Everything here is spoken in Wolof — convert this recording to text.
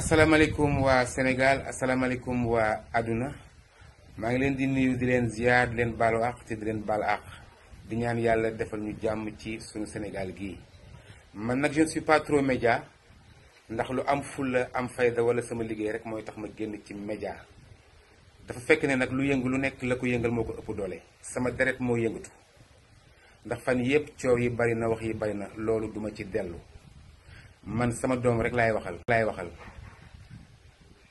asalaamaaleykum waa Sénégal asalaamaaleykum waa àdduna maa ngi leen di nuyu di leen ziar leen baalu wax te di leen baal àq di ñaan yàlla defal ñu jàmm ci suñu Sénégal gii man nag je ne suis pas média ndax lu am fulla am fayda wala sama liggéey rek mooy tax ma génn ci média dafa fekk ne nag lu yëngu lu nekk la ko yëngal moo ko ëpp doole sama deret moo yëngatu ndax fan yépp coow yi bari na wax yi bari na loolu duma ci dellu man sama doom rek laay waxal laay